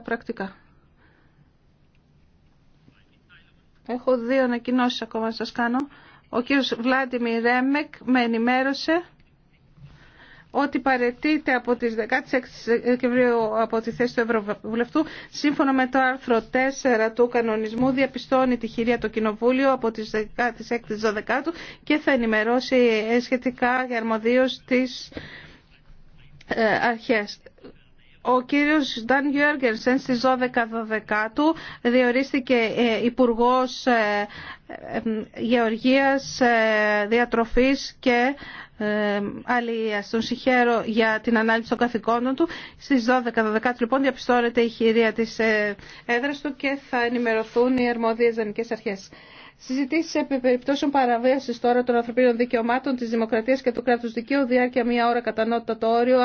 πρακτικά Έχω δύο ανακοινώσει ακόμα να σας κάνω. Ο κύριος Βλάντιμι Ρέμεκ με ενημέρωσε ότι παρετείται από τις 16 Δεκεμβρίου από τη θέση του Ευρωβουλευτού σύμφωνα με το άρθρο 4 του κανονισμού διαπιστώνει τη χειρία το Κοινοβούλιο από τις 16 12 και θα ενημερώσει σχετικά για αρμοδίως τις ε, αρχές. Ο κύριος Νταν Γιώργερσεν στις 12-12 του διορίστηκε ε, Υπουργός ε, ε, Γεωργίας, Διατροφής και Αλληλίας. Τον συγχαίρω για την ανάλυση των καθηκόντων του. Στις του λοιπόν διαπιστώρεται η χειρία της έδρας του και θα ενημερωθούν οι αρμόδιες δανεικές αρχές. Συζητήσει επί περιπτώσεων παραβίαση τώρα των ανθρωπίνων δικαιωμάτων, τη δημοκρατία και του κράτου δικαίου, διάρκεια μία ώρα κατανότητα το όριο,